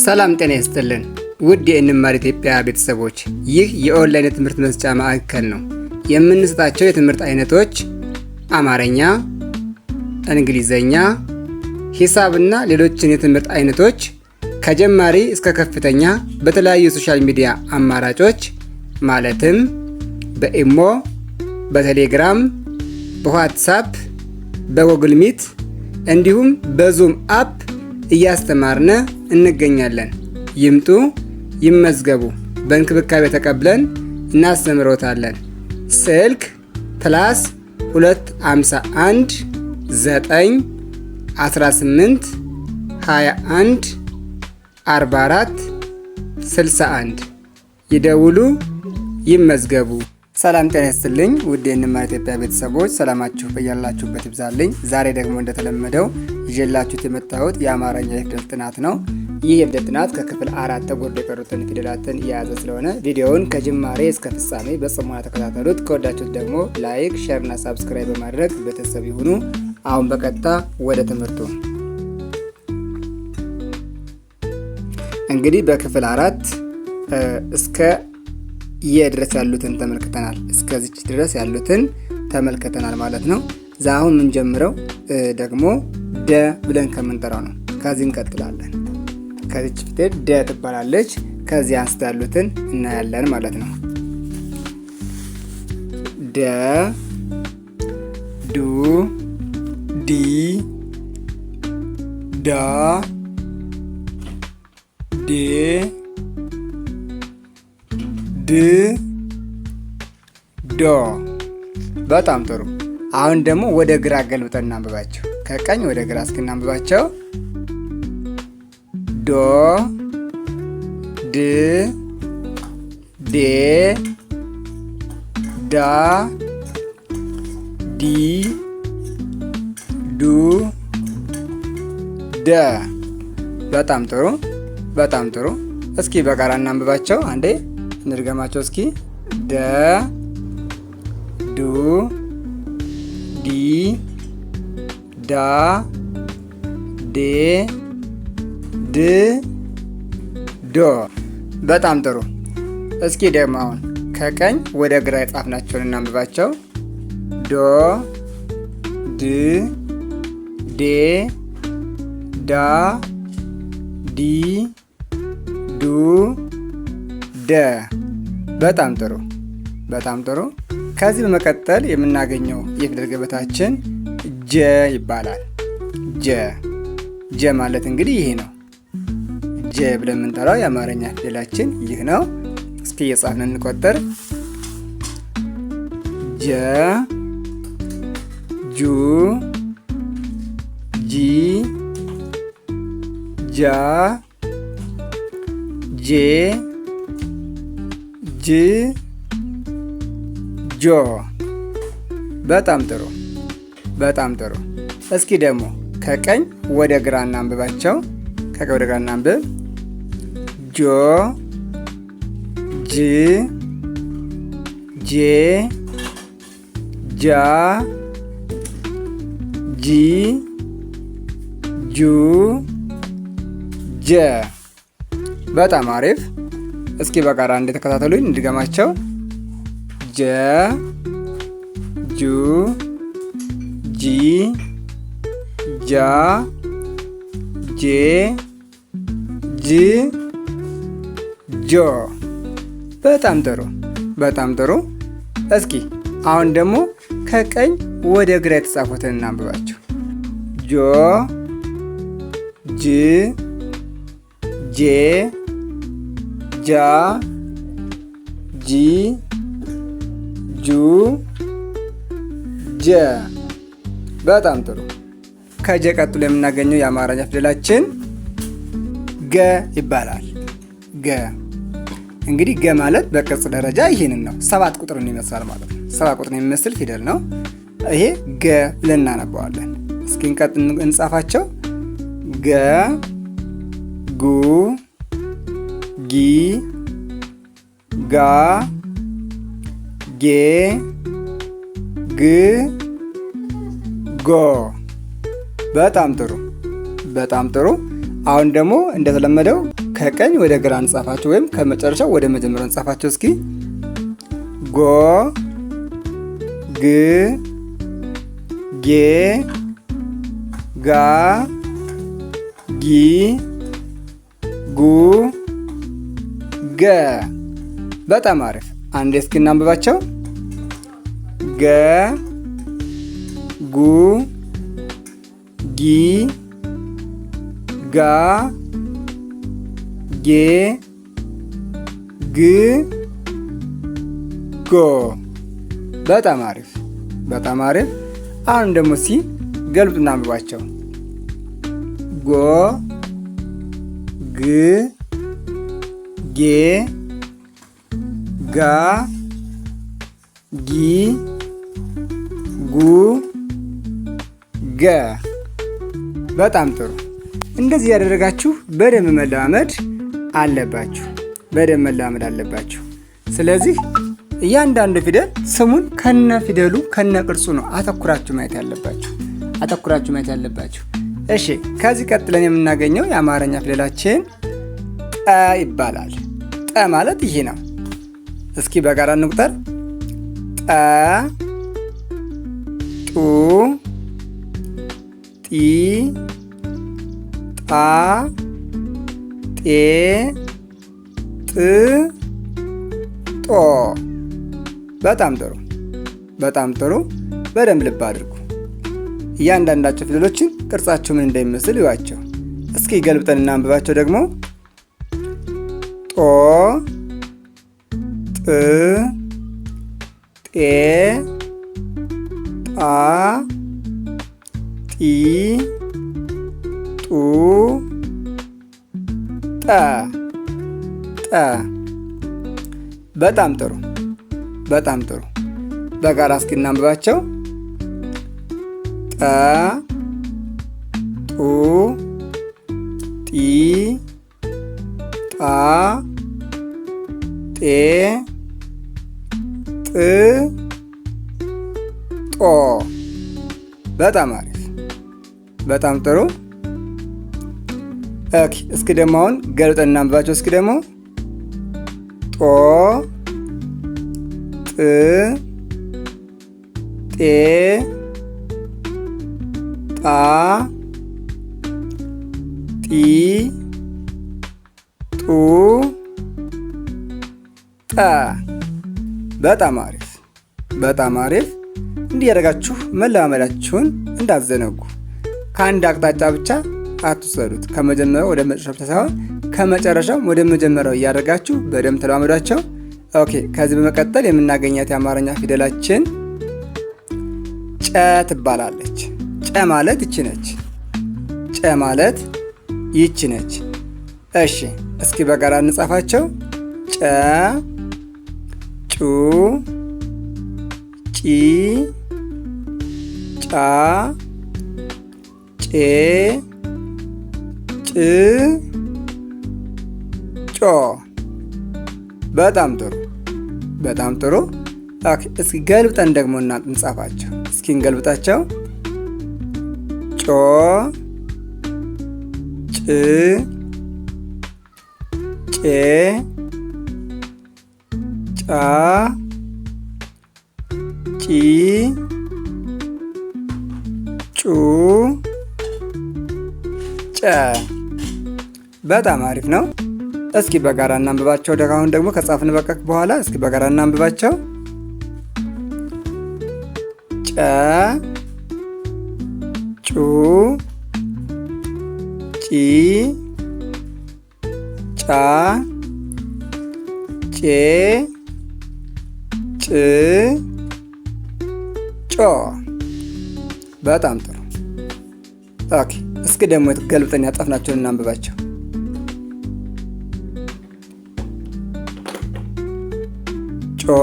ሰላም ጤና ይስጥልን ውድ የእንማር ኢትዮጵያ ቤተሰቦች፣ ይህ የኦንላይን የትምህርት መስጫ ማዕከል ነው። የምንሰጣቸው የትምህርት አይነቶች አማርኛ፣ እንግሊዘኛ፣ ሂሳብና ሌሎችን የትምህርት አይነቶች ከጀማሪ እስከ ከፍተኛ በተለያዩ የሶሻል ሚዲያ አማራጮች ማለትም በኢሞ፣ በቴሌግራም፣ በዋትሳፕ፣ በጎግል ሚት እንዲሁም በዙም አፕ እያስተማርነ እንገኛለን። ይምጡ፣ ይመዝገቡ። በእንክብካቤ ተቀብለን እናስተምሮታለን። ስልክ ፕላስ 251 9 18 21 44 61 ይደውሉ፣ ይመዝገቡ። ሰላም ጤና ይስጥልኝ ውድ የንማር ኢትዮጵያ ቤተሰቦች ሰላማችሁ በያላችሁበት ይብዛልኝ። ዛሬ ደግሞ እንደተለመደው ይዤላችሁት የመጣሁት የአማርኛ የፊደል ጥናት ነው። ይህ የብደት ጥናት ከክፍል አራት ተጎልቶ የቀሩትን ፊደላትን የያዘ ስለሆነ ቪዲዮውን ከጅማሬ እስከ ፍጻሜ በጽሞና ተከታተሉት። ከወዳችሁት ደግሞ ላይክ፣ ሸርና ሳብስክራይብ በማድረግ ቤተሰብ ይሁኑ። አሁን በቀጥታ ወደ ትምህርቱ እንግዲህ በክፍል አራት እስከ የ ድረስ ያሉትን ተመልክተናል። እስከዚች ድረስ ያሉትን ተመልክተናል ማለት ነው። አሁን የምንጀምረው ደግሞ ደ ብለን ከምንጠራው ነው። ከዚህ እንቀጥላለን። ከዚች ፊደል ደ ትባላለች። ከዚህ አንስቶ ያሉትን እናያለን ማለት ነው። ደ ዱ ዲ ዳ ዴ ድ ዶ። በጣም ጥሩ። አሁን ደግሞ ወደ ግራ ገልብጠን እናንብባቸው። ከቀኝ ወደ ግራ እስክናንብባቸው ዶ ድ ዴ ዳ ዲ ዱ ደ። በጣም ጥሩ በጣም ጥሩ። እስኪ በጋራ እናንብባቸው። አንዴ እንድገማቸው እስኪ ደ ዱ ዲ ዳ ዴ ድ ዶ በጣም ጥሩ። እስኪ ደግሞ አሁን ከቀኝ ወደ ግራ የጻፍናቸውን እናንብባቸው። ዶ ድ ዴ ዳ ዲ ዱ ደ በጣም ጥሩ በጣም ጥሩ። ከዚህ በመቀጠል የምናገኘው የፊደል ገበታችን ጀ ይባላል። ጀ ጀ ማለት እንግዲህ ይሄ ነው። ጀ ብለን የምንጠራው የአማርኛ ፊደላችን ይህ ነው። እስኪ የጻፍን እንቆጠር። ጀ ጁ ጂ ጃ ጄ ጅ ጆ። በጣም ጥሩ በጣም ጥሩ። እስኪ ደግሞ ከቀኝ ወደ ግራ እናንብባቸው። ከቀኝ ወደ ግራ እናንብብ። ጆ ጅ ጄ ጃ ጂ ጁ ጀ። በጣም አሪፍ። እስኪ በጋራ እንደተከታተሉኝ እንድገማቸው ጀ ጁ ጂ ጃ ጄ ጅ ጆ። በጣም ጥሩ በጣም ጥሩ። እስኪ አሁን ደግሞ ከቀኝ ወደ ግራ የተጻፉትን እናንብባቸው። ጆ ጅ ጄ ጃ ጂ ጁ ጀ። በጣም ጥሩ። ከጀ ቀጥሎ የምናገኘው የአማርኛ ፊደላችን ገ ይባላል። ገ እንግዲህ ገ ማለት በቅርጽ ደረጃ ይህንን ነው። ሰባት ቁጥርን ይመስላል ማለት ነው። ሰባት ቁጥርን የሚመስል ፊደል ነው። ይሄ ገ ብለን እናነበዋለን። እስኪ እንጻፋቸው። ገ ጉ ጊ ጋ ጌ ግ ጎ። በጣም ጥሩ፣ በጣም ጥሩ። አሁን ደግሞ እንደተለመደው ከቀኝ ወደ ግራ እንጻፋቸው ወይም ከመጨረሻው ወደ መጀመሪያው እንጻፋቸው። እስኪ ጎ ግ ጌ ጋ ጊ ጉ ገ። በጣም አሪፍ። አንዴ እስኪ እናንብባቸው። ገ ጉ ጊ ጋ ጌ ግ ጎ። በጣም አሪፍ በጣም አሪፍ። አሁን ደግሞ ሲ ገልብጥ እናንብባቸው። ጎ ግ ጌ ጋ ጊ ጉ ገ። በጣም ጥሩ። እንደዚህ ያደረጋችሁ በደንብ መለማመድ አለባችሁ፣ በደንብ መላመድ አለባችሁ። ስለዚህ እያንዳንዱ ፊደል ስሙን ከነ ፊደሉ ከነ ቅርጹ ነው አተኩራችሁ ማየት ያለባችሁ፣ አተኩራችሁ ማየት ያለባችሁ። እሺ፣ ከዚህ ቀጥለን የምናገኘው የአማርኛ ፊደላችን ጠ ይባላል። ጠ ማለት ይሄ ነው። እስኪ በጋራ እንቁጠር። ጠ ጡ ጢ ጣ ጤ ጥ ጦ በጣም ጥሩ በጣም ጥሩ። በደንብ ልብ አድርጉ። እያንዳንዳቸው ፊደሎችን ቅርጻቸው ምን እንደሚመስል ይዋቸው። እስኪ ገልብጠን እናንብባቸው ደግሞ ጦ ጥ ጤ ጣ ጢ ጡ ጠ ጠ በጣም ጥሩ በጣም ጥሩ። በጋራ እስኪ እናንብባቸው። ጠ ጡ ጢ ጣ ጤ ጥ ጦ በጣም አሪፍ። በጣም ጥሩ። ኦኬ እስኪ ደግሞ አሁን ገልጠን እናንብባቸው። እስኪ ደግሞ ጦ ጥ ጤ ጣ ጢ ጡ ጠ። በጣም አሪፍ በጣም አሪፍ። እንዲህ ያደረጋችሁ መለማመዳችሁን እንዳዘነጉ ከአንድ አቅጣጫ ብቻ አትውሰዱት። ከመጀመሪያው ወደ መጨረሻው ሳይሆን ከመጨረሻው ወደ መጀመሪያው እያደረጋችሁ በደንብ ተለማመዷቸው። ኦኬ። ከዚህ በመቀጠል የምናገኛት የአማርኛ ፊደላችን ጨ ትባላለች። ጨ ማለት ይቺ ነች። ጨ ማለት ይቺ ነች። እሺ፣ እስኪ በጋራ እንጻፋቸው። ጨ ጩ ጪ ጫ ጬ ጮ። በጣም ጥሩ በጣም ጥሩ። እስኪ ገልብጠን ደግሞ እና እንጻፋቸው። እስኪ እንገልብጣቸው። ጮ ጭ ጬ ጫ ጪ ጩ ጨ በጣም አሪፍ ነው። እስኪ በጋራ እናንብባቸው። አሁን ደግሞ ከጻፍን በቀቅ በኋላ እስኪ በጋራ እናንብባቸው። ጨ ጩ ጪ ጫ ጬ ጭ ጮ። በጣም ጥሩ። ኦኬ። እስኪ ደግሞ ገልብጠን ያጻፍናቸውን እናንብባቸው። ጮ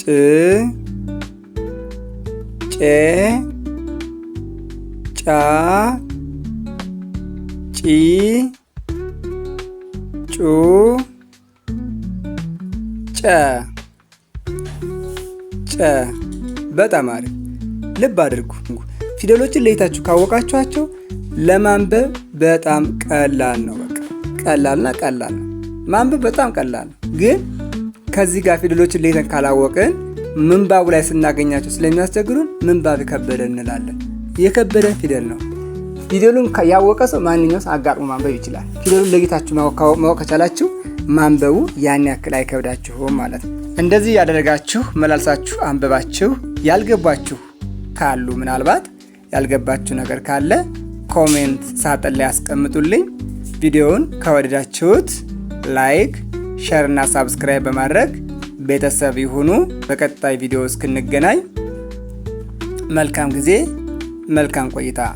ጭ ጬ ጫ ጪ ጩ ጨ ጨ። በጣም አሪፍ። ልብ አድርጉ። ፊደሎችን ለይታችሁ ካወቃችኋቸው ለማንበብ በጣም ቀላል ነው። በቃ ቀላልና ቀላል ነው። ማንበብ በጣም ቀላል ነው። ግን ከዚህ ጋር ፊደሎችን ለይተን ካላወቅን ምንባቡ ላይ ስናገኛቸው ስለሚያስቸግሩን ምንባብ የከበደ እንላለን። የከበደ ፊደል ነው። ፊደሉን ያወቀ ሰው ማንኛውም አጋጥሞ ማንበብ ይችላል። ፊደሉን ለይታችሁ ማወቅ ከቻላችሁ ማንበቡ ያን ያክል አይከብዳችሁም ማለት ነው። እንደዚህ ያደረጋችሁ መላልሳችሁ አንብባችሁ ያልገባችሁ ካሉ ምናልባት ያልገባችሁ ነገር ካለ ኮሜንት ሳጥን ላይ ያስቀምጡልኝ። ቪዲዮውን ከወደዳችሁት ላይክ ሼር እና ሳብስክራይብ በማድረግ ቤተሰብ ይሁኑ። በቀጣይ ቪዲዮ እስክንገናኝ መልካም ጊዜ፣ መልካም ቆይታ